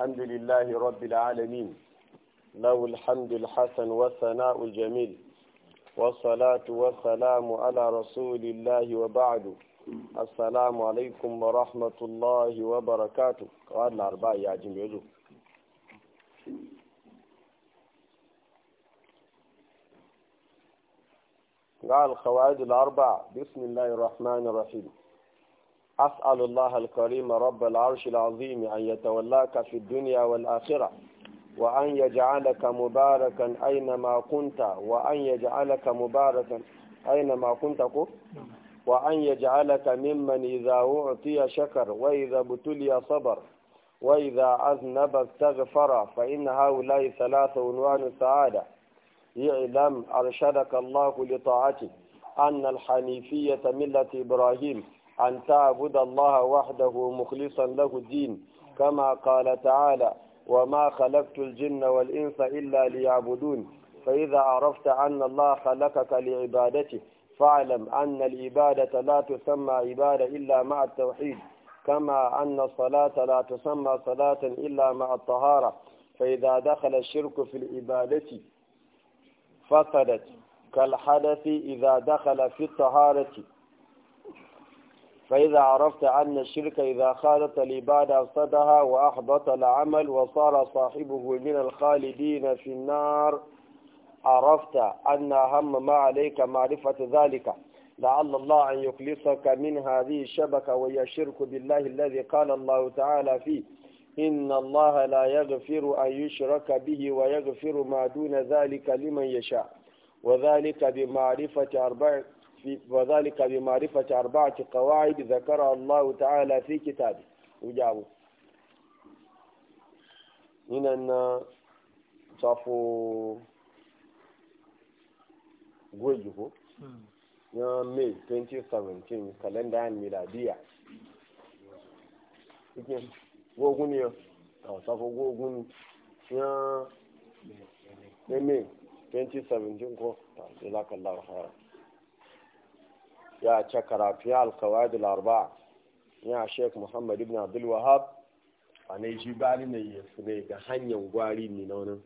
الحمد لله رب العالمين له الحمد الحسن والثناء الجميل والصلاة والسلام على رسول الله وبعد السلام عليكم ورحمة الله وبركاته قال الأربعة يا جميل قال القواعد الأربعة بسم الله الرحمن الرحيم أسأل الله الكريم رب العرش العظيم أن يتولاك في الدنيا والآخرة وأن يجعلك مباركا أينما كنت وأن يجعلك مباركا أينما كنت وأن يجعلك ممن إذا أعطي شكر وإذا ابتلي صبر وإذا أذنب استغفر فإن هؤلاء ثلاثة عنوان السعادة يعلم أرشدك الله لطاعته أن الحنيفية ملة إبراهيم أن تعبد الله وحده مخلصا له الدين كما قال تعالى وما خلقت الجن والإنس إلا ليعبدون فإذا عرفت أن الله خلقك لعبادته فاعلم أن العبادة لا تسمى عبادة إلا مع التوحيد كما أن الصلاة لا تسمى صلاة إلا مع الطهارة فإذا دخل الشرك في العبادة فسدت كالحدث إذا دخل في الطهارة فإذا عرفت أن الشرك إذا خالط العبادة أفسدها وأحبط العمل وصار صاحبه من الخالدين في النار عرفت أن أهم ما عليك معرفة ذلك لعل الله أن يخلصك من هذه الشبكة وهي الشرك بالله الذي قال الله تعالى فيه إن الله لا يغفر أن يشرك به ويغفر ما دون ذلك لمن يشاء وذلك بمعرفة أربع في وذلك بمعرفة أربعة قواعد ذكرها الله تعالى في كتابه وجابه هنا أن صفو gwejiko may 2017 kalenda yan cikin gogun ya a safo gogun may 2017 ko يا شكرا في القواعد الأربعة يا شيخ محمد بن عبد الوهاب أنا جبالي نيسني دهن يوغالي منون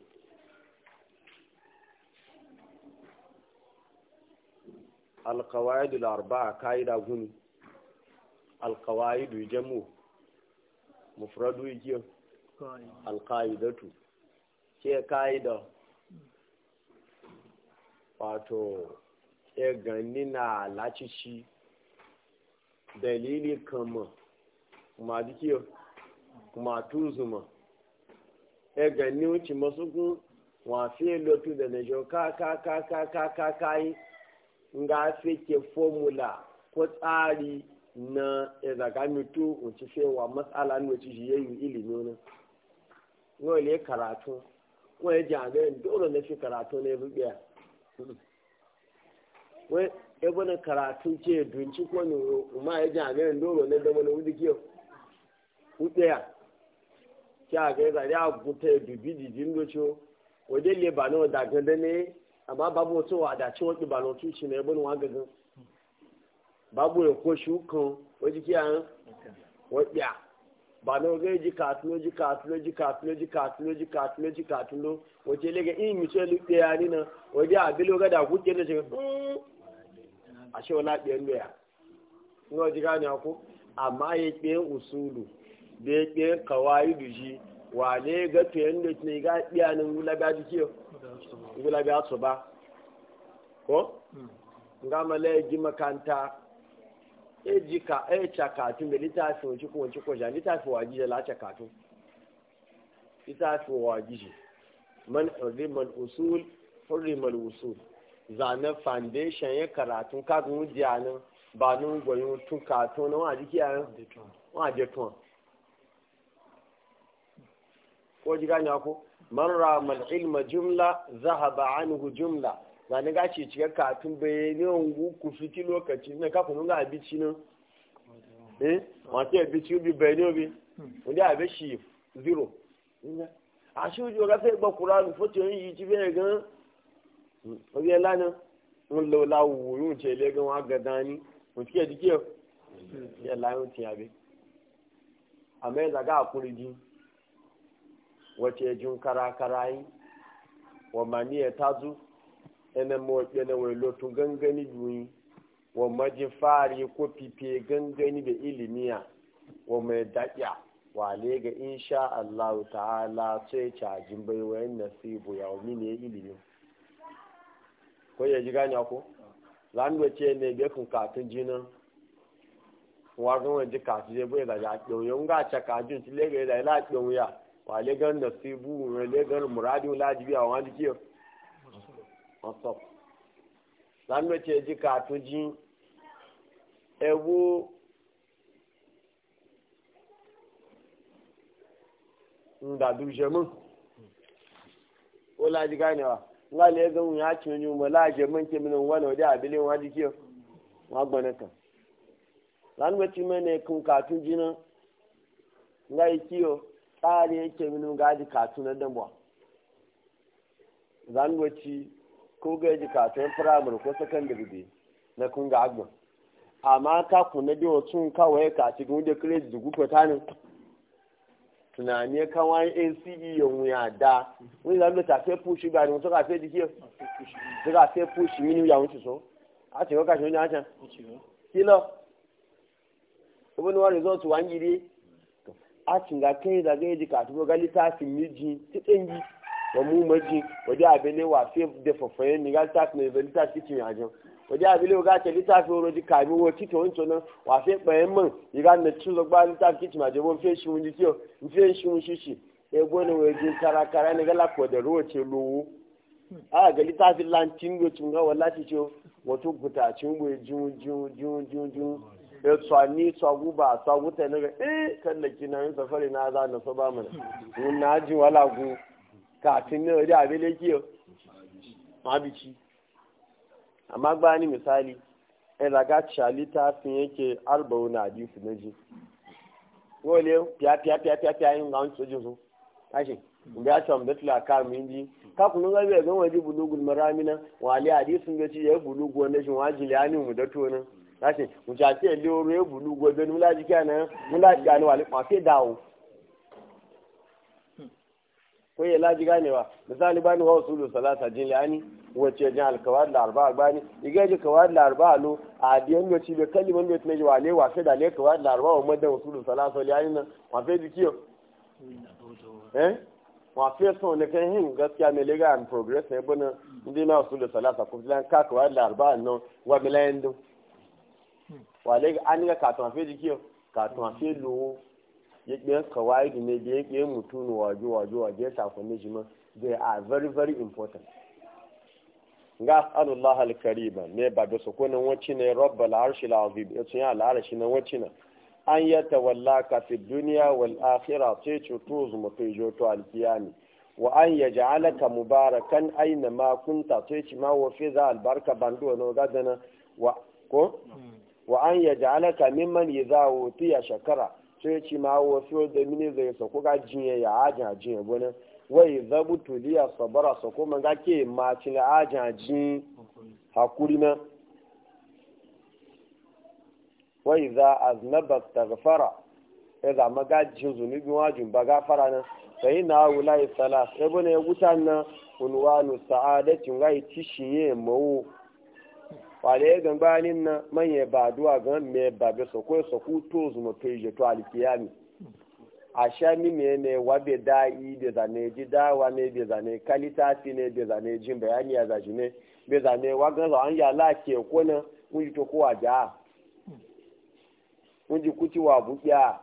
القواعد الأربعة كايدا هن القواعد يجمو مفرد يجيو القاعدة كي قاعدة فاتو egan gani na alacici dalili kama kuma dikiyo kuma tuzuma ya gani wuce masu kun wafe lotu da na jo ka ka ka ka ka ka ka yi nga feke formula ko tsari na ezagamitu wuce fewa matsala ne wuce shi yayin ilimi ne ile karatu wani jami'in ndoro na fi karatu na ya wai ebe na karatu ce dunci o ne eji ya ji agayin doro na dama na wuzi kiyo kuɗe ya ki agayi za ya guta ya dubi jijin doce waje le ba na da ganda ne amma babu wasu wa da ci wani ba e e eh? na wasu na ebe na babu ya ko shukan waje kiyan waɗiya ba na wajen ji katulo ji katulo ji katulo ji ji ji lega in ni waje na ashe wani abiyan ɗiyan doya ina ji gane ku amma ya ɗiyan usulu da ya ɗiyan kawai duji wane ga tuyen da ne ga ɗiyanin gulabiya jike gulabiya su ba ko hmm. nga male ji makanta e ji ka e cha katun da litafi wancin ko wancin ko ja litafi wa ji da lacha litafi wa ji man hurriman usul hurriman usul zane foundation ya karatun kagun jiya nan ba nun gwayo tun kato na wa jiki a yan wa je tuwa ko ji gani ko man ramal ilma jumla zahaba anhu jumla zane ga ci cika katun bai ne ungu ku fiti lokaci na ka kunu ga abici nan eh wa abici bi bai ne bi wanda hmm. shi zero a shi ujo ga sai ba qur'an fotin yi ci bai gan orí ẹ lánàá ń lọ láwùwò yóò jẹ ẹlẹgàn wọn agandan ni òtí ẹ dídí ẹ tí ẹ abẹ àmọ ẹ jí wọ́n ti ẹ̀jú kárakára yín wọ́n mà ní ẹ̀ta zú ẹnẹ mọ̀ ẹ̀nẹ wọ̀ gángan níbi yín wọ́n mọ̀ jí fáàrí kó pípé gángan níbi wọ́n wà insha allah ta'ala tó ẹ̀ ṣàjìnbẹ̀ wọ́n ẹ̀ nà sí ibùyàwó mi ní ko ya ji gani ko lando ce ne be kun ka tun jinan wa ga wani ji ka je bai da ya ɗau yau nga ta ka jin tile ga da la ɗau ya wa le gan nasibu wa le gan muradu la ji biya wa ji so wasu lando ce ji ka tun jin e nda ndadu jemu ko la ji gani wa nga ya ga ya ci ni mu laje mun ke min wala wada abile wa di ke wa gbana ka lan wati mene kun ka tun jina ngai yi kiyo tsari yake min ga di ka tun da mu lan wati ko ga di ka tun primary ko secondary bi na kun ga agba amma ka kun da tun kawai ka ci gun da credit dugu ko tanin tunani kan wani nce ya wuya da wani zama ta fẹ́ púṣì gbà ní wọn sọ́kà fẹ́ dìkí sọ́kà fẹ́ púṣì a ni wọ́n rìsọ́ọ̀tù wá ń a ti nga kẹ́yìn dàgẹ́ yìí kà àtúbọ̀ gálí tá a sì mí jin títẹ̀ yìí wọ́n mú mọ́ jin wọ́n dé abẹ́lé wà fẹ́ dẹ fọ̀fọ̀ yẹn ní gálí tá a sì mí wajen abili ga ta littafi wani kami wa kito wanco nan wa fe bayan man iga na cin lagba littafi kici ma jebo fe shi wani kiyo fe shi wani shishi e gwani wa ji kara kara ne gala ko da ruwa ce lowo a ga littafi lantin go cin ga wala ci ce wato guta cin go jun jun jun jun jun e tsani tsagu ba tsagu ta ne eh na za na so ba mana mun na wala gu kafin ne wajen abili amma gbani misali in raga cali ta fi yake arba'u na hadisi su ji wale fiya fiya fiya fiya fiya yin gawon sojin su kashi ga sham mbetula tula ka min ji ka kunu ga bai gan waje bulugul maramina wali hadisin ga ci ya bulugu wanda shin wajili ani mu da tonan kashi mu ta ce lero ya bulugu da nula jikana nula jikana wali ma sai dawo ko ya laji ganewa misali bani wa usulu salasa jin lani wace jin alkawar da arba'a bani iga ji kawar da arba'a lo a biyan yo cibe kaliman yo tunaji wale wa sai da ne kawar da arba'a wa da usulu salasa lani nan wa fe yau eh wa fe so ne kan hin gaskiya me lega and progress ne bana indi na usulu salata ko lan ka kawar da arba'a no wa milayen do wale lega an ga ka to fe dikiyo ka to fe lo ya ƙiyar kawai ne da ya ƙiyar mutum waje waje waje sakonni shi ma they are very very important ga alullah alkarima ne ba da sukunin wacce ne rabbal arshil azim ya ce ya al'arashi na wacce na an ya ka fi duniya wal akhirah sai cuto zuma kai joto alkiyami wa an ya ja'alaka mubarakan aina ma kunta sai ci ma wa fi za albarka bando no gadana wa ko hmm. wa an ya ja'alaka mimman wuti ya shakara sai ci ma wasu da mini zai sako ga jiye ya ajin jiye wani wai zabu tuliya sabara soko man ga ke ma ci na ajin jiye hakuri na wai za aznaba tagfara ya e zama gajin zunubin wajin ba gafara na sai na wula ya sala sai e bane wuta na unwanu sa'adatin ya tishiye mawo wale gambanin na manye ba duwa ga me ba be so ko so ku to zuma to je to alkiyami a sha mi me ne wa be da yi de za ne ji da wa ne be za ne kalita ti ne be za ne jin bayani ya za ne be za ne wa ga an ya la ke ko na mun ji to ko wa ja mun ji kuti wa buya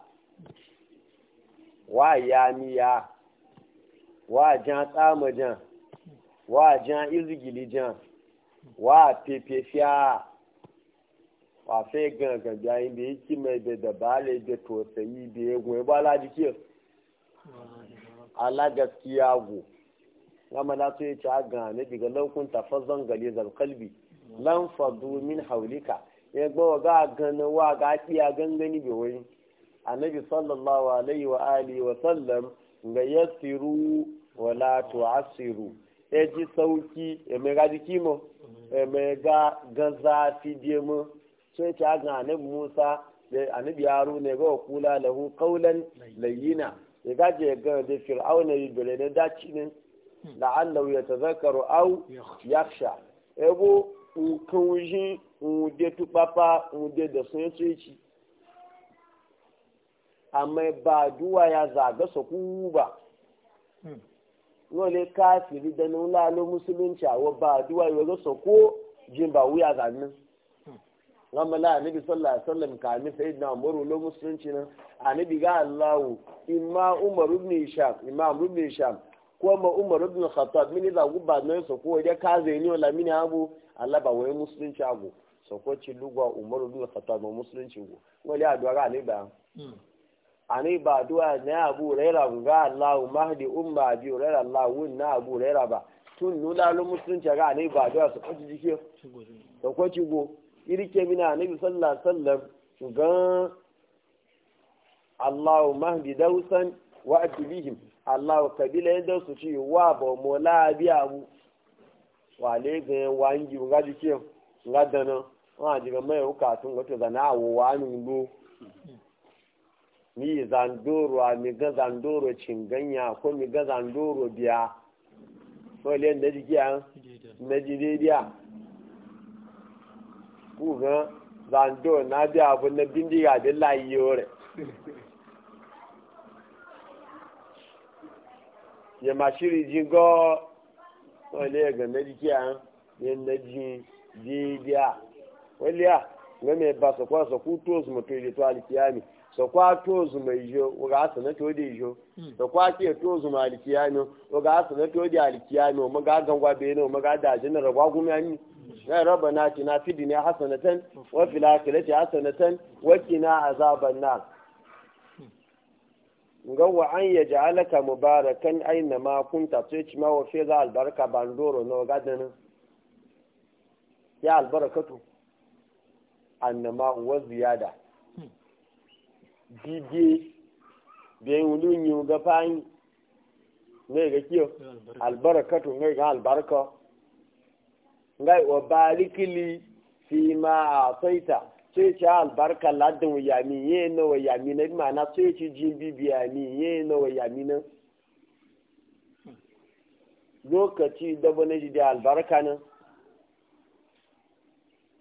wa ya mi ya wa jan tsama jan wa jan izgili jan wa pepe fiya wa fe gan bi ayin bi ki mai de da le de to yi be egun e ba la jike ala ga go kama na so yace aga ne ta fa zan gali zal qalbi lan fadu min haulika ya gbawa ga gana wa ga kiya gangani be wani annabi sallallahu alaihi wa alihi wa sallam ga yasiru wala tu'asiru eji sauki emega jikimo emega gaza fidiyemu sai ta ga annabi musa da anabi yaro ne ga kula lahu qawlan layyina ya gaje ga da fir'auna yi dole ne daci ne la'allahu yatazakkaru aw yakhsha ebo nkan wujin tu papa nde da sun tsoci amma e ba duwa ya zaga su ba. Hmm. wale kafiri da nun lalo musulunci a wabba duwa yi wazo so ko jin ba wuya zannin gama la anabi sallallahu alaihi wasallam ka mi sai na umaru lo musulunci nan anabi ga allahu imma umaru ibn ishaq imam ibn umaru ibn khattab mini za gubba nan so ko ka zai ni wala mini abu allah ba wai musulunci abu so ko ci lugwa umaru ibn khattab musulunci go wale aduwa ga ani ba duwa na abu raira nga Allahu mahdi umma bi raira Allahu na abu raira ba tun nula lu musulunci ga ani ba duwa su kwaci jike su kwaci go irke mina annabi sallallahu alaihi wasallam ga Allahu mahdi dausan wa adbihim Allahu kabila yanda su ci wa ba mola bi abu wale ga wangi ga jike ga dana wa jiga mai hukatun na zana wa wani mi zandoro a mi ga zandoro cinganya ko mi ga zandoro biya wale da jiki a na jidediya ku ga zandoro na biya abu na bindiga da layi yore ya ma shiri jingo wale ga na jiki a yin na biya. wale ya game ba su kwasa kutos mutu da tuwa alkiyami kwa tozu mai jo oga asu na to de jo hmm. kwa ke tozu ma alikiyano oga asu na to de alikiyano maga gangwa be no maga da jin ragwa hmm. na ya hmm. ti na fid dunya hasanatan wa fil akhirati hasanatan wa kina azaban nar nga wa an ja'alaka mubarakan aina ma kunta tsaci ma wa fiza albarka bandoro no gadana ya albarakatu annama wa ziyada dide biyan wulu nyu ga fayin ne ga kiyo albarakatu ne ga albarka ngai wa barikili fi ma ataita sai ci albarka ladin wayami ye ne ma na ce sai ci jin bibiyani ye na wayami na lokaci dabo na jide albarka nan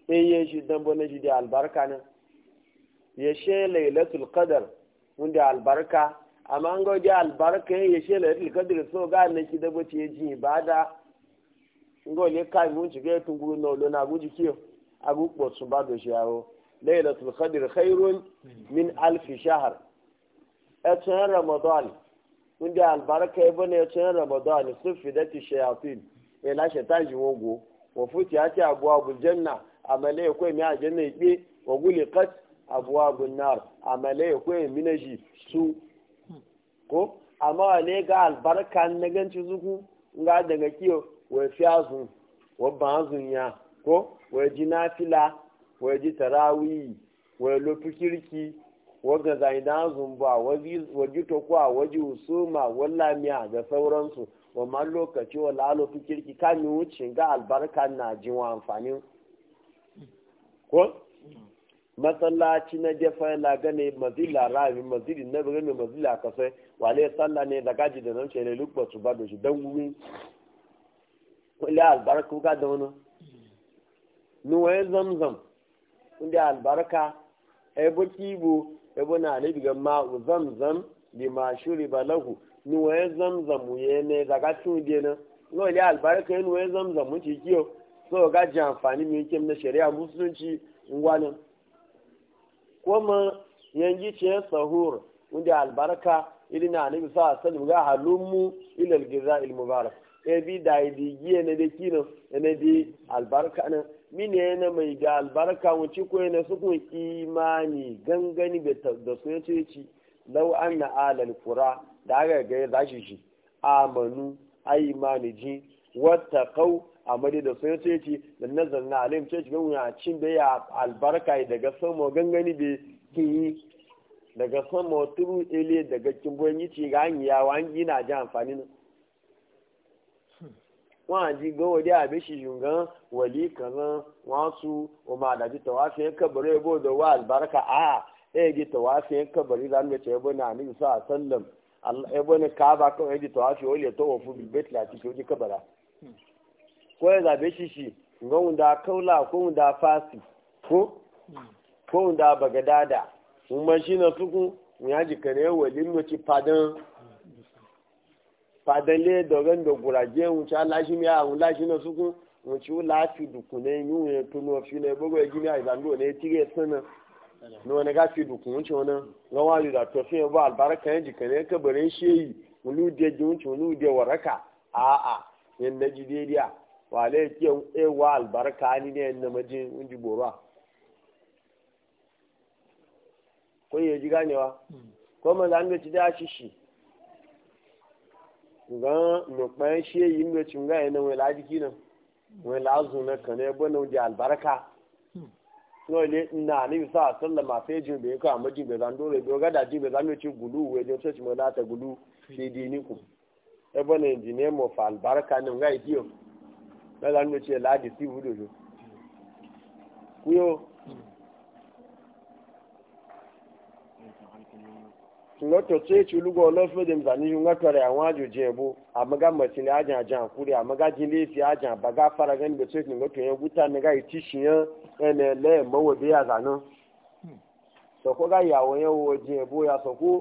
sai ye shi dabo na jide albarka na. ya she lailatul qadar wanda albarka amma an ga wajen albarka ya she lailatul qadar so ga nan ki dabo ce ji ibada ngo le kai mun ci ga tunguru no lo na guji kiyo abu ko sun ba do shawo lailatul qadr khairun min alf shahr atan ramadan wanda albarka ya bane atan ramadan sufidati shayatin ya la shaitan ji wogo wa futi ya ce abu abul janna amale ko mi aljanna ibe wa guliqat abuwa gunnar amale kwe minaji su ko amma ne ga albarka na ganci zuku nga daga kiyo wa fiyazu wa sun ya ko wa ji nafila wa ji tarawi wa lofi kirki wa ga zaidan zumba wa ji tokuwa wa ji usuma wa lamiya da sauransu wa ma lokaci wa lalofi kirki kan yi wuce ga albarka na jin wa amfanin ko matsalaci na jefa laga gane mazila rami mazili na bugin mazili mazila kasai wale tsalla ne da gaji da zance ne lukwa su ba da shi don gumi wale albarka ka da wani nuwaye zamzam inda albarka ebo kibo ebo na ne bigan ma'u zamzam ma shuri ba lahu nuwaye zamzam ya ne daga gaci biye na wale albarka ya nuwaye zamzam mun ci kiyo so ga ji amfani mai kim na shari'a musulunci ngwanin kuma yanzu ce sahur wanda albarka irin na nabi sa sallam ga halummu ila algiza mubarak e bi da idi e giye na da kino e na di albarka nan mine na mai ga albarka wuce ko na su kun imani gangani da su yace ci law anna alal qura da ga ga zashi shi amanu imani ji wattaqau amma dai da sun ce ci da nazar na alim ce ci ganya cin da ya albarka daga sama gangani be ki daga sama turu ele daga kin boyin ci ga an ya wan gina ji amfani na wọn ji gan wadi abe shi shungan wali kazan wasu o ma da ji tawafin kabarai bo da wa albarka a e ji tawafin kabarai zan ce bo na ni sa sallam Allah ya bani kaba kawai ji tawafi wali ya tawafu bil bait la ci ji kabara ko ya zabe shi shi ngon wanda kaula ko wanda fasi ko ko wanda bagadada mun ma shi na tuku mun yaji kare walin mu ci fadan fadan le dogan da gurage mun ci Allah shi ya mun lashi na tuku mun ci lafi dukune ni mun tuno fi ne bogo gini a zango ne tire sana ni wani ga fi dukun wuce wani gawa yi da tofi ba albarka yanzu ka ne kabarin yi wani ude ji wuce wani ude waraka a'a yan na ji daidai wale ke ewa albarka ni ne na majin unji borwa ko ye ji ganewa ko ma zan ci da shi shi no pan shi yin ga cin ga kane bo no ji albarka no le na ni sa sallama sai jin be ka majin be zan dole do ga da ji be zan ci gulu we je ci ta gulu ku ne di of albarka lọ́la nínú ṣe láàdì sí ìwúlò lò kúyó. lọ́tọ̀ tó ètò olúgbọ́ ọlọ́fẹ́dẹ̀ mùsàlùmí ńlọ́tọ̀rẹ̀ àwọn àjòjì ẹ̀bù àmọ́gá mọ̀tì ní àjà àjà àkúrẹ́ àmọ́gá jílé fi àjà àbágá faragẹ́ níbi tó ètò ńlọ́tọ̀ yẹn wúta nígbà yìí tíṣì yẹn ẹnẹ lẹ́ẹ̀mọ́wọ́ bí àzà náà sọ̀kọ́ gá ìyàwó yẹn wọ jìn ẹ̀bù yà sọ̀kọ́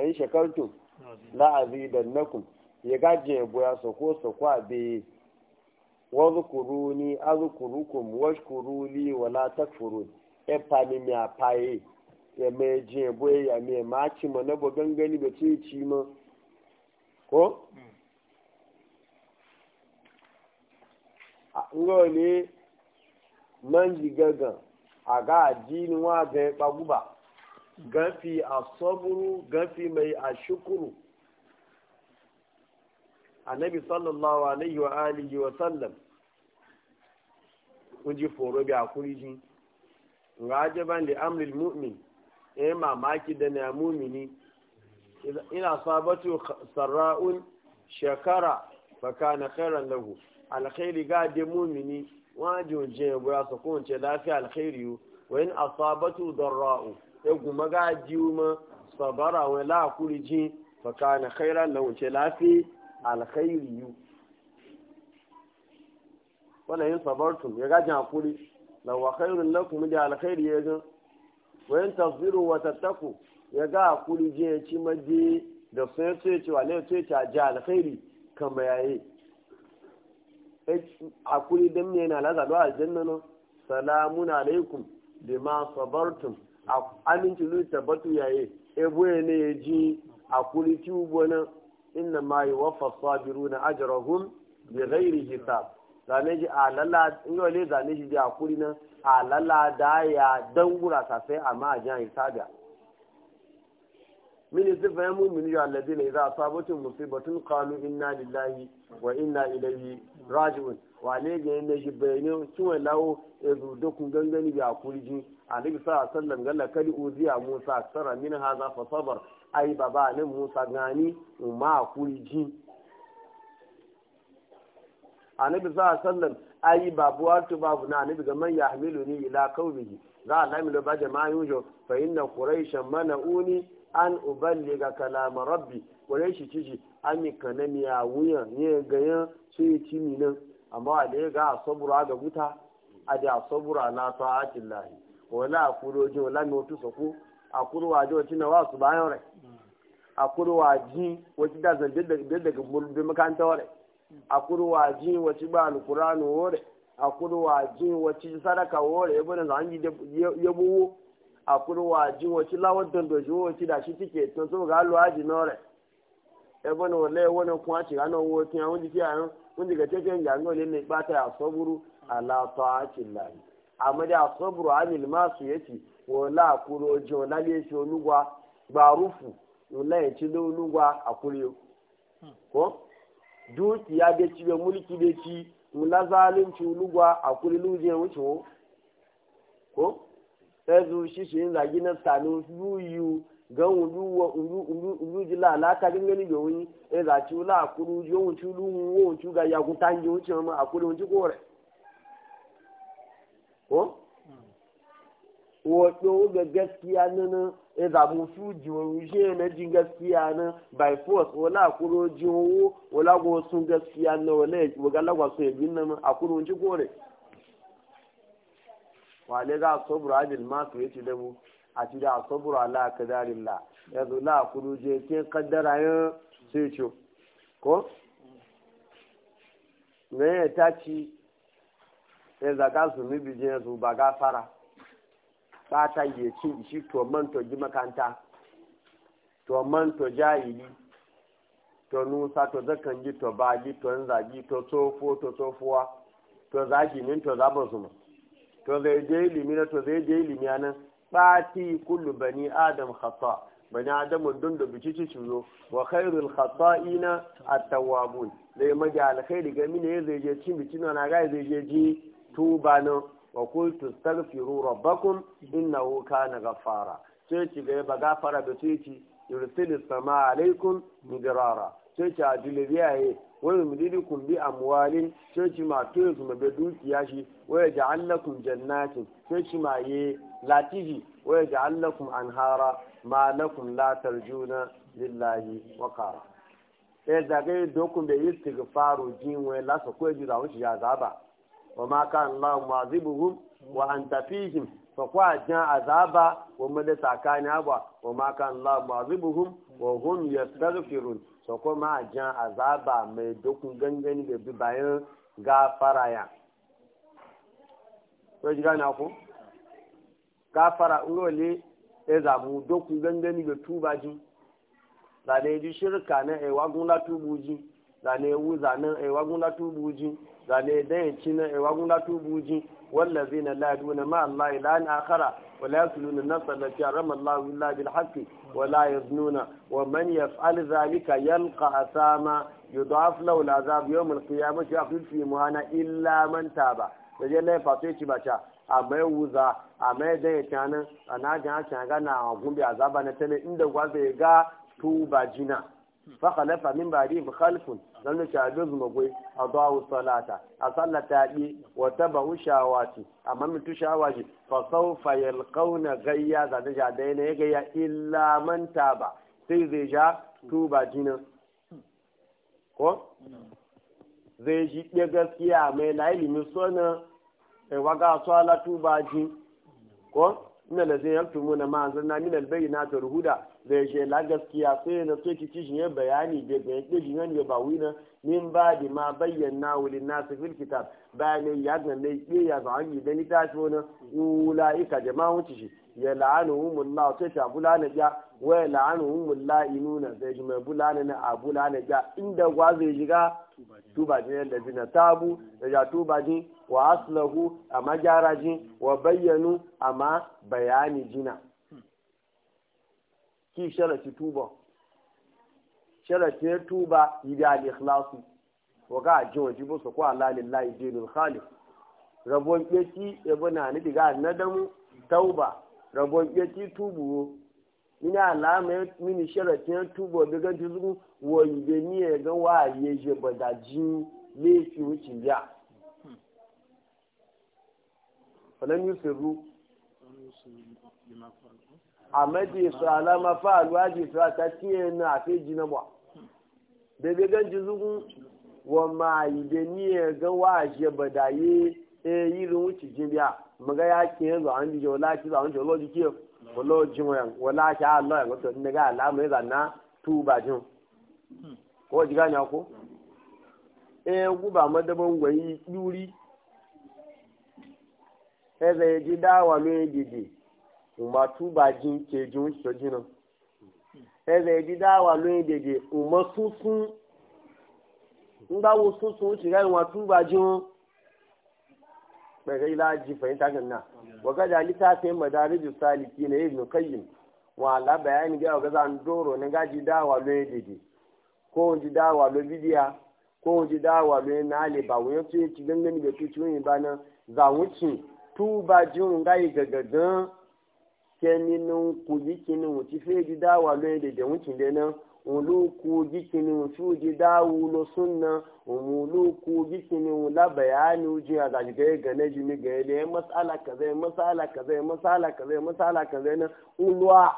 ẹ̀yìn ya gaje boya soko soko abe wazukuruni azukurukum washkuruli wala takfurun e pani mi apaye e e ya me je boye ya me ma ci mo na bo gangani be ci ci mo ko ngo ni manji gagan aga ajini wa ga e paguba gafi asaburu gafi mai ashukuru annabi sallallahu alaihi wa alihi wa sallam kuji foro bi akurijin rajaban li amril mu'min E, mamaki da na mu'mini ina sabatu sarra'un shakara fa kana khairan lahu alkhairi ga de mu'mini wajo je bura so kun ce lafi alkhairi wa in asabatu darra'u e guma ga jiuma sabara wa la akurijin fa kana khairan lahu ce lafi yu wala yin sabartum ya gaji hakuri law wa khairun lakum da alkhairi ya ga wa in tasbiru wa tattaku ya ga hakuri je ya ci maje da sai ce ce wala ce ta ji alkhairi kama yayi eh, hakuri dan me na laza aljanna no salamun alaikum bima sabartum aminci lu tabatu yayi ebo ne ji hakuri ti ubona inna ma yuwaffa sabiruna ajrahum bighairi hisab zane ji alala in yau ne zane ji a hakuri nan alala da ya dan gura sasai amma a jan hisabi min sifa ya mu'minu ya alladina idza asabatuhum musibatun qalu inna lillahi wa inna ilaihi raji'un wa ne ga ne ji bayne kiwa lawo ya zudo gangani ya hakuri ji annabi sallallahu alaihi wasallam galla kadi uziya musa sara min haza fa sabar Ayi baba ne musa gani ma kuri ji annabi sa sallam ayi babu wato babu na annabi ga man ni ila qaumihi za Allah mi ba jama'a yujo fa inna quraishan mana'uni an uballiga kalama rabbi quraishi tiji an mi kanani ya wuya ne ga yan sai timi nan amma da ga sabura ga guta a da sabura na ta'atillahi wala kurojin wala mi wato sako akuru waje wacce na wasu bayan rai akuru waji wacce da zan biyar daga makanta wa rai akuru waji wacce ba alkuranu rai akuru waji wacce sadaka rai da zangi ya buwo akuru waji wacce lawar dandoji wacce da shi tike tun so ga haji na rai ibn wale wani kuma ci ranar wotin ya wunji kiyayen wunji ga cikin jami'ar ne ba ta ya saburu ala ta'akin lahi amma da saburu amil masu yace wala akuro ji wala le shi olugwa gbarufu wala ya ci olugwa akuriyo ko dukiya da ci bai mulki da ci wala zalunci olugwa akuri luje wuce ko ezu shi shi yin zagi na sanu yuyu gan ulu ji lalata gangani ga wani ya zaci wula akuru ji yawon ci luhun wawon ci ga yakutan ji wuce ma akuri wuce kore wato ga gaskiya nan ya zamu su jiwoyi shi na jin gaskiya nan by force wala kuro jiwo wala go sun gaskiya na wala waga lagwa su yabin nan a kuro ji gore wale ga sabra adil ma su yace da mu a ci da sabra ala kadarilla yanzu la kuro je ke kaddara yin sai ce ko ne ta ci ya zaga su mi bijin su ba fara. fata ya ci shi to man to ji makanta to man to jahili to nusa to zakan ji to baji to zagi to tsofo to tsofuwa to zagi min to zaba zuma to zai je ilimi na to zai je ilimi nan fati kullu bani adam khata bani adam dun da bici ci zo wa khairul khata'ina at-tawwabun zai maji alkhairi ga mine zai je cin bici na ga zai je ji tuba na wa kultu astaghfiru rabbakum innahu kana ghaffara sai ci ga ba gafara da sai ci yursilu sama alaikum midrara sai ci ajili biyaye wani kun bi amwalin sai ci ma to su mabe dukiya shi waya ja'allakum jannatin sai ci ma ye latiji waya allakun anhara ma lakum la tarjuna lillahi wa qara sai da dokun da istighfaru jinwe la so da wuce ya zaba wa ma kana Allah mu'azibuhum wa anta fihim fa kwa jan azaba wa mada sakani aba wa ma ka Allah mu'azibuhum wa hum yastaghfirun so ko ma jan azaba mai dokun gangani da bi bayan gafara ya so ji gana ko gafara ngole e za mu dokun gangani da tubaji da dai shirka na e wagun la tubuji zane wu zane ai eh, wagun tubu buji zane dan ci na ai eh, wagun latu buji wallazina la yaduna ma Allah ila an akhara wa la yasluna nafsa la harama Allah illa bil haqqi wa la yaznuna wa man yaf'al zalika yalqa asama yudaf lahu al azab yawm al qiyamati yaqul fi muhana illa man taba da je lai fato ci bacha amma wuza amma da ya ana ga ga na bi azaba na tana inda gwabe ga tuba jina fa khalafa min ba'di khalfun don da shabe zuma gwai a zuwa salata a sallata yi wata ba hushawa ce amma mutu shawa fa sau fa yalkauna gayya za ta sha daina ya gaya illa manta ba sai zai ja tuba jinin ko zai ji ɗaya gaskiya mai na ilimin eh, sona waga su ala tuba jin ko ina da zai yalfi mu na ma'azin na minal albayi na ta ruhuda zai je la gaskiya sai da so ki kishin bayani da bayan kishin yan ya ba wina min ba di ma bayyana wulin nasu fil kitab bayanai ya ga ne ya ga da ni ta shi wani ula'ika jama'a wuce shi ya la'anuhum Allah sai ta bulana ja wa ya la'anuhum la'inuna sai ji mai bulana na a bulana ja inda gwa zai shiga tubajin da zina tabu da ja tubajin wa aslahu amma jarajin wa bayyanu ma bayani jina ki sharati tuba sharati tuba yi da al-ikhlasu wa ga ajin wajibu su ko Allah lillahi dinul khaliq rabon keki ibuna ni diga nadamu tauba rabon ya tubu tubuwo ina alama ya mini sharatin ya tubo da ganci zuku wani da ni ya ga wa ya je ba da ji laifi wuce ya falan yi sirru amma da ya sa alama fa alwa da ya sa ta tiye na afe sai ji na ba da ganci zuku wa ma yi da ni ya ga wa je ba da yi eyi eh, rin wuce jibiya maga ya ke yanzu an jijo wala ki zan jolo jike wala jinwa wala ki Allah ya wato ne ga alama ya zanna tuba jin ko ji ko eh guba madaban duri eh ji dawa gidi kuma jin ke jin eh ji dawa gidi kuma ngbawo ga wa jin bai laji fahimta na wa ga da littafin madarijus saliki na ibn qayyim wa la bayani ga ga zan doro ne gaji dawa lo yedidi e ko ji dawa lo bidiya ko ji dawa lo e na le ba wo to e ti gangan ga tuci yin ba na za wuci tu ba un ga yi gagagan keninu kujikinu ti fe ji dawa lo yedidi wuci de na uluku jikini suji dawu lo sunna umuluku jikini la bayani uji a gaji ga gane jimi ga ile masala kaza masala kaza masala kaza masala kaza na ulwa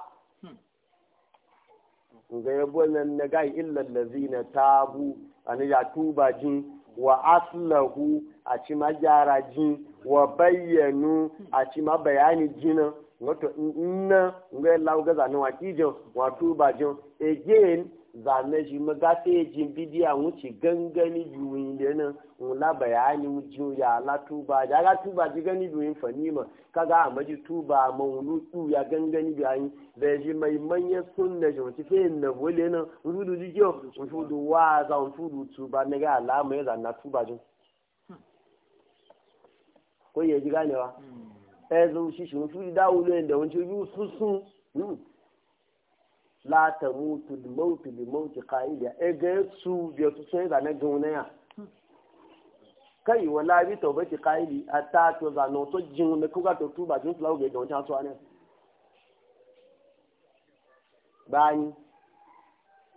ga yabo nan na ga illa allazina tabu an ya tuba jin wa aslahu a ci majara jin wa bayyanu a ci ma bayani jinan wato na nga lawo ga zanen wa kijo wa tuba jo again zane shi magate jin bidiya wuce gangani juyin de na wula bayani wuce ya la tuba ya la tuba ji gani juyin fanima kaga a maji tuba tu ya gangani bayani da shi mai manyan sunna shi wuce fe na wole nan wudu jikiyo wudu waza wudu tuba ne ga alama ya zana tuba jin hmm. ko ye ji ganewa ẹ̀rù ṣíṣùn fún ìdáwọlé ẹ̀dẹ̀ ohun tí ojú látàmú tùlùmọ́ tùlùmọ́ ti ka ilẹ̀ ẹgẹ́ su bí ọtún sún ìgbà náà gan náà kẹ́yìn wọn láàbí tọ̀bẹ́ ti ka ilẹ̀ ata tó tó jẹun ní kókà tó túbà tó ń fúláwò gẹ̀gẹ̀ ọ̀hún tí a tó wá náà. báyìí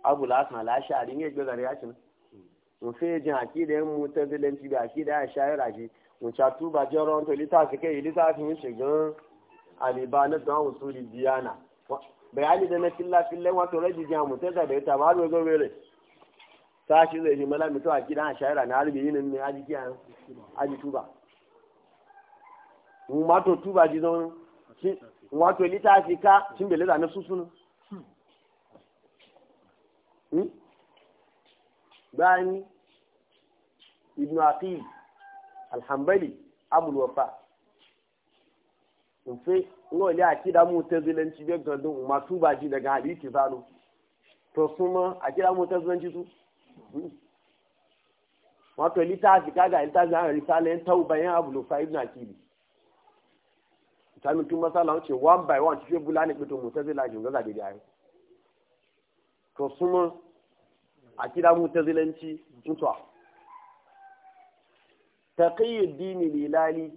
abúlé asùn àlàáṣà àdínyẹ́ ìgbẹ́gàrẹ́ yá ti náà òfin ìjìn àkídẹ́ ń mu tẹ́fẹ́lẹ́ntì bí àkídẹ́ àṣà mucatu ba jeron to littafi kai littafin yin shigan aliba na don usuli diyana bayani da na filla filla wato rabi jiya mu tada da ita ba har wazo wele sashi zai ji mala mutu a gidan a shaira na harbi yinin ne aji kiya aji tuba mu mato tuba ji zon wato littafi ka cin bele da na susunu bayani ¿Mm? ibnu aqil alhambali amul wafa nfe ngo le akida mu tazilanci be gandun ma ba ji daga hadisi zanu to suma akida mu tazilanci su hmm. wato litafi kaga litafi an risalen tauba yan abul wafa ibn akidi sami tun masala ce one by one cikin bula ne fito mutazila jin gaza da yayi to suma akida zilanci mutuwa taqiyuddin lilali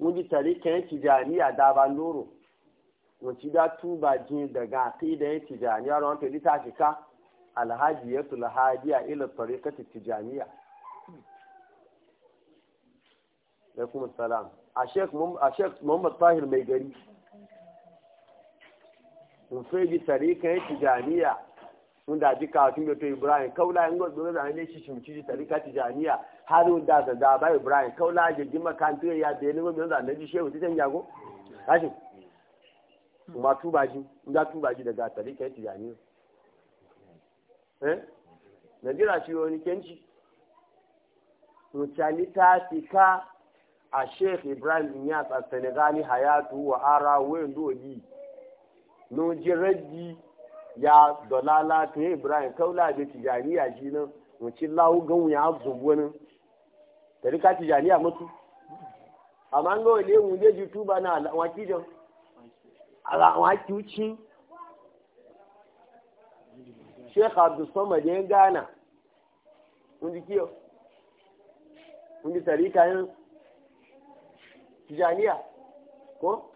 wuji tarikan tijaniya da ban doro ci da tuba jin daga aqida tijaniya ran to lita shika alhajiyatul hadiya ila tariqati tijaniya alaikum salam a sheikh muhammad tahir mai gari sun fi tarikan tijaniya wanda ji kafin da to ibrahim kaula in gozo da ne shi shimci ji tarika tijaniya har wanda da da ba ibrahim kaula je ji makantu ya da ne gozo da ne ji shehu ti tan jago kashi kuma tuba ji inda tuba ji daga tarika tijaniya eh Na najira shi wani kenci mutane ta ka a sheikh ibrahim inyas a senegali hayatu wa ara wayan doli no jiraddi ya dalala to ibrahim kaula da tijaniya shi nan wuce lawu gan ya zubu nan tari ka tijaniya mutu amma an ga wale mu je youtube na waki jan ala waki uci sheikh abdul samad ya gana kun ji kiyo kun ji tarika yin tijaniya ko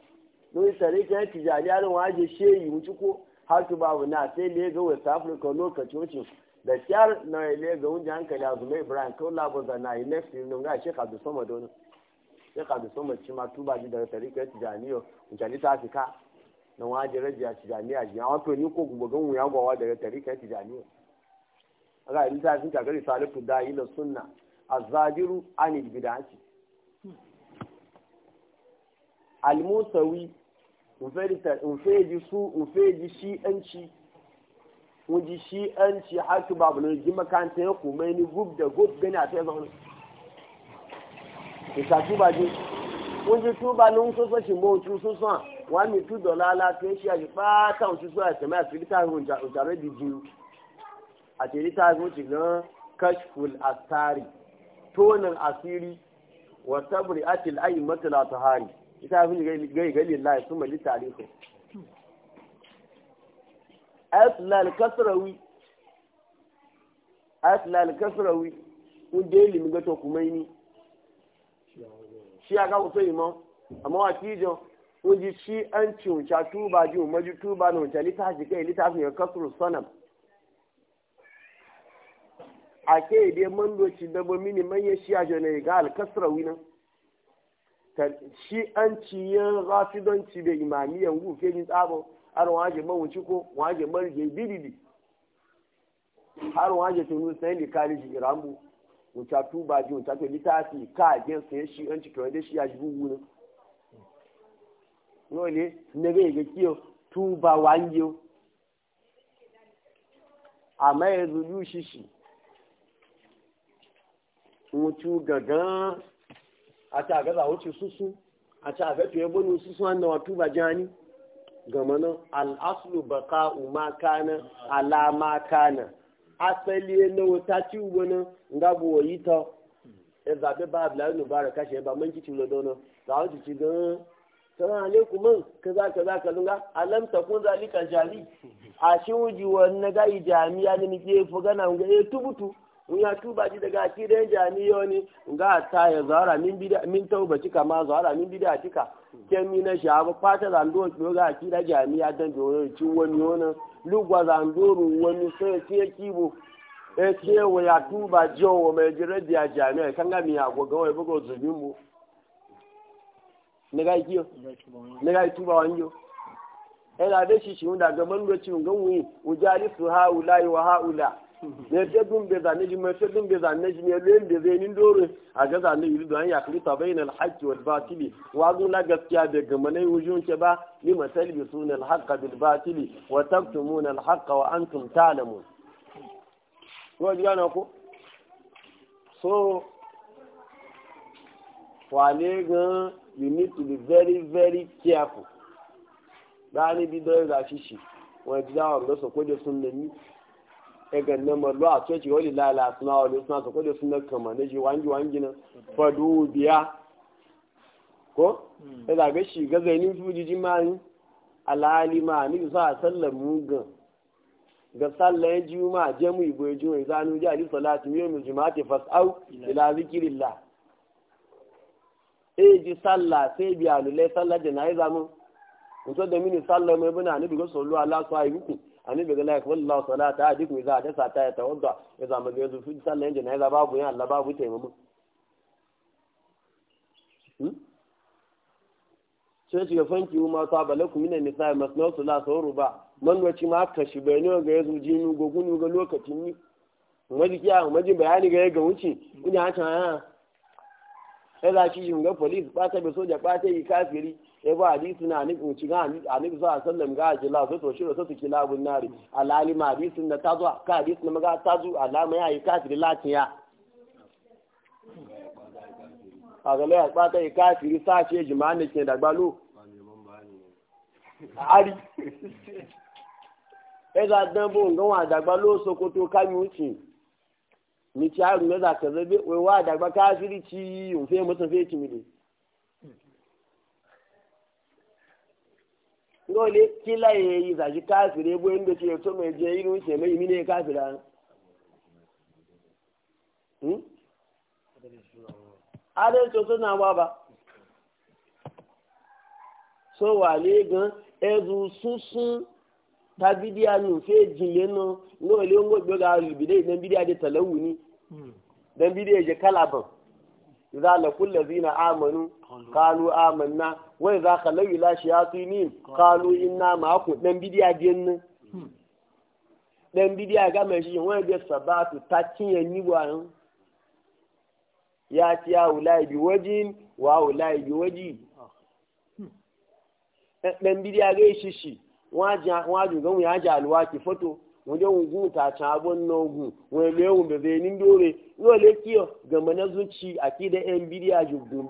mun tarika yin tijaniya nan waje shehi wuci ko haka babu na sai ne ga west africa lokacin wucin da kyar na ile ga wunji hankali a zuma ibrahim kawai labar da na yi next year ga shek da sama dono shek da sama ci ma tuba ji daga tarika ya tijaniyo mutane ta afika na wajen rajiya tijaniya ji yawon wato ni ko gubagan wuya gwawa daga tarika ya tijaniyo aga yi ta fi salifu da yi da sunna azajiru anil bidanci hmm. almusawi nfeji su nfeji shi'anci wuji shi'anci har su babu ne ji makaranta ya kuma ni gub da gub gani a ta zaune isa tuba ji wuji tuba ni wuso so shimbo wuci so so wa mi tu dola la fe shi aji fata wuci so a tẹmẹ àti rita ihun jàre di ji àti rita ihun ti gan kashful asari tonin asiri wa sabri atil ayi matala tahari. hari ita abin gai gai lillahi sun mali tarihi ayatul kasrawi ayatul kasrawi kun je limi gato kuma ni shi aka yi ma amma wa tijo kun ji shi an ci wuce tuba ji umarji tuba na wuce littafi kai littafin ya kasru sanam a ke dai man ci dabo mini manya shi a jana ga alkasrawi nan shi an ciyen rafidanci da imamiyan gufe yin tsabon har waje mawuci ko waje marge bididi har waje tunu sai ne kare shi irambu wuta tuba ji wuta to litafi ka gen sai shi an ci kawai shi ya ji gugu ne nole ne ga ga kiyo tuba wangiyo amma yanzu shi mutu gagan a wuce susu a ci a gafe ya ẹgbẹ́ susu wanda wato ba jani gama nan al'aslu baka umakana alamakana asali enawo ta ci ugbona nga bu yi ta ya e zabe ba da kashi ya ba man kici dona za a ci gan salamu alaikum man kaza kaza kaza nga alam ta kun zalika jali a shi wuji na ga jami'a ne nake fugana ga ya eh, tubutu in ya tuba ji daga akidan jami'o ne ga ta ya zara min bida min tauba cika ma zara min bida cika ken ni na shabu fata zando do ga da jami'a dan do ci wani wannan lugwa zando ru wani sai ce kibo e ce wa ya tuba jo mai jiradi ya jami'a kan ga mi ya go ga bugo zubin mu ne ga kiyo ne ga tuba wanjo ela da shi shi unda ga mango ci ngan su haula wa haula ne fe dun be zane ji me fe dun be zane ji ne len be zai nin dore a ga zane yi don ya klifa bayin al batili wa la gaskiya de gamane wujun ke ba ni masalbi sun al haqq bil batili wa taktumuna al haqq wa antum talemun ko ji gana ko so wale gan you need to be very very careful báyìí bí dọ́rẹ́ la ṣíṣe wọ́n ti dáhùn lọ́sọ̀kọ́jọ́ sún lẹ́yìn daga nan mallu a coci wani lala suna wani suna su kwada suna kama na ji wangi wangi nan fadu biya ko ya hmm. e zaga shi ga zainin fujiji mani alhali ma ni sa a sallar mugan ga sallar juma jamu ibo juma zanu ji ali salatu yau mu juma'ati fas'au ila zikirillah E ji sallah sai biya lulai sallar jana'iza mun mutum da mini sallar mai bana ni bi ga sallu ala sahibukum annabi ga laka wallahu salata za a dasa ta ya tawadda idza ma yanzu fi sallan janaza babu ya Allah babu taimamu hmm? sai shiga fanki ma ta balakum minan nisa masna salata wa ba man wace ma ka shi bayani ga yanzu jinu gogunu ga lokacin ni maji kiya maji bayani ga ga wuce ina ta ya ah. sai za shi yin ga police ba ta be soja ba ta yi kafiri ya ba hadisi na anabi uci ga anabi a alaihi wasallam ga jila so to shiro so to kilabun nari alalima hadisin na tazo ka hadisi na maga tazo alama yi kafiri a ga lai ba ta yi kafiri sace jima'an ke da gbalo ari eza dambo nga wa dagba lo sokoto kanyu chi ni ti aru meza kazabe we wa gba kafiri chi o fe mo fe chi mi dole kila ya yi zaji kafire ebo inda ce to mai je irin ce mai mine kafira hmm adal to suna ba ba so wale gan ezu susun ta bidiya nu fe jinle no no le ngo gbe ga bidai dan bidiya talawuni dan hmm. bidiya je kalaban idza la kullu amanu kalu amanna wai za ka lauyi lashi ya su ni kalu inna ma ku dan bidiya din dan bidiya ga mai shi wani da sabatu ta cinye ni gwanin ya ci ya wulai bi wajin wa wulai bi bidiya shi shi ya alwaki foto wajen wugu ta can abun na wugu wani lewu da zai nin dore yau le kiyo gama na zuci a ki da yan bidiya ji gudu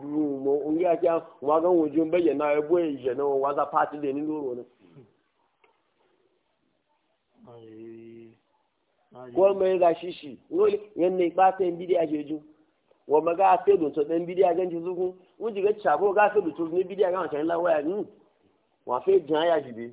ma ungu a kyan wagan wajen bayyana ya boye ije na waza fati da nin dore ne. ko mai ga shishi yau yan ne ba ta yan bidiya ji ju wa ga a fedo to ɗan bidiya gan ji zuku wujin ga cabo ga fedo to ne bidiya gan wancan lawaya ni hmm. wa fe jan ya jibi.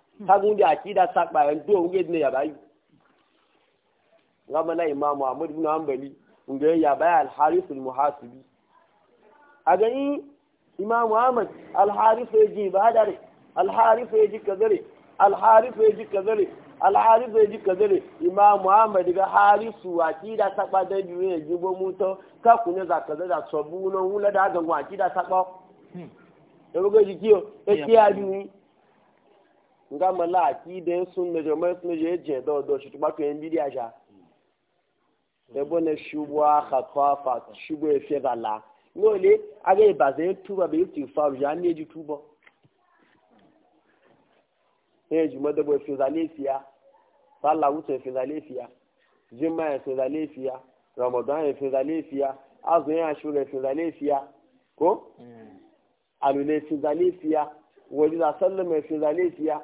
tagun da akida en do wuge ne yi bayi ngama na imam ahmad ibn hanbali nge yaba al harith al muhasibi aga imam imamu ahmad al harith yaji badare al harith yaji kadare al harith yaji kadare al harith yaji kadare imam ahmad ga harisu akida sakpa da biyu ya jibo muto ka kunya za kaza da sabu non wula da ga akida sakpa da wuge jikiyo e kiya ni, nga mala akide sunna jama sunna je je do do shi tuba to yimbi dia ja mm. e bona shubwa khatwa fa shubwa fe bala ngole age baze tuba be e ti fa ja ne ji tuba e ji mada bo e fe zalefia sala wuce fe zalefia jima e fe zalefia ramadan fe zalefia azun ya shure fe zalefia ko mm. alule fe zalefia wajida sallama fe zalefia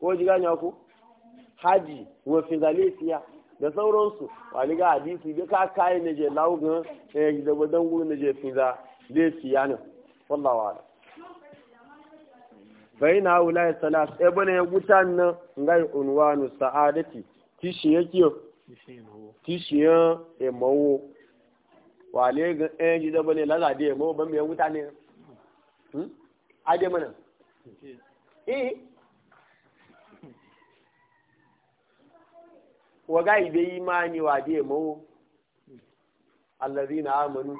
ko ji gane ku haji wa fizalisiya da sauransu wani ga hadisi da ka kayi na je laugun ya eh, yi zaba don gudun na je fizalisiya ne wallawa da bai na hula eh, ya salas ya bane ya guta nan ngai unwanu sa'adati tishi ya kiyo eh, tishi ya emawo wale ga ɗaya ji zaba ne lala da emawo ban mai ya guta ne hmm? a mana eh Wa waga ibe imani wa de mawo allazina amanu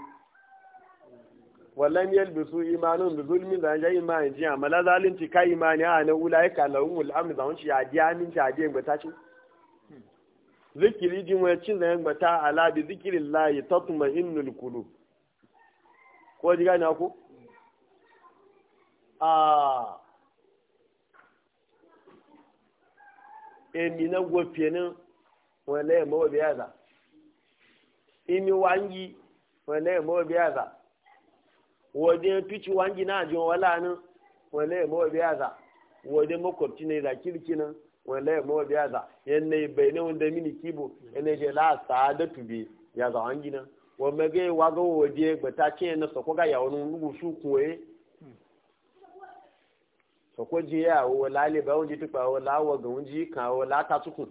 wallan yalbisu imanun bi zulmin da ya imani ji amala zalunci kai imani a na ulaika lahum al-amn da wunci ya ji amin ta ji gbata ci zikiri jin wa cin da gbata ala bi zikrillahi innul qulub ko ji gani ku a emi na gwofiyanin wale mawa biyaza imi wangi wale mawa biyaza waje tuci wangi na jin wala nan wale mawa biyaza waje makwabci ne da kirki nan wale mawa biyaza yanne bai ne wanda mini kibo yana je la sadatu bi ya za wangi nan wa mage waga waje gbata ce na sako ga ya wani lugu su kuwe sako je ya wala le ba wunji tupa wala wa ga wunji ka wala ta tukun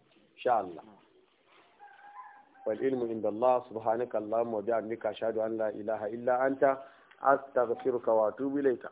insha Allah wal ilmu inda Allah subhanaka Allahumma wa bihamdika ashhadu an la ilaha illa anta astaghfiruka wa atubu ilayka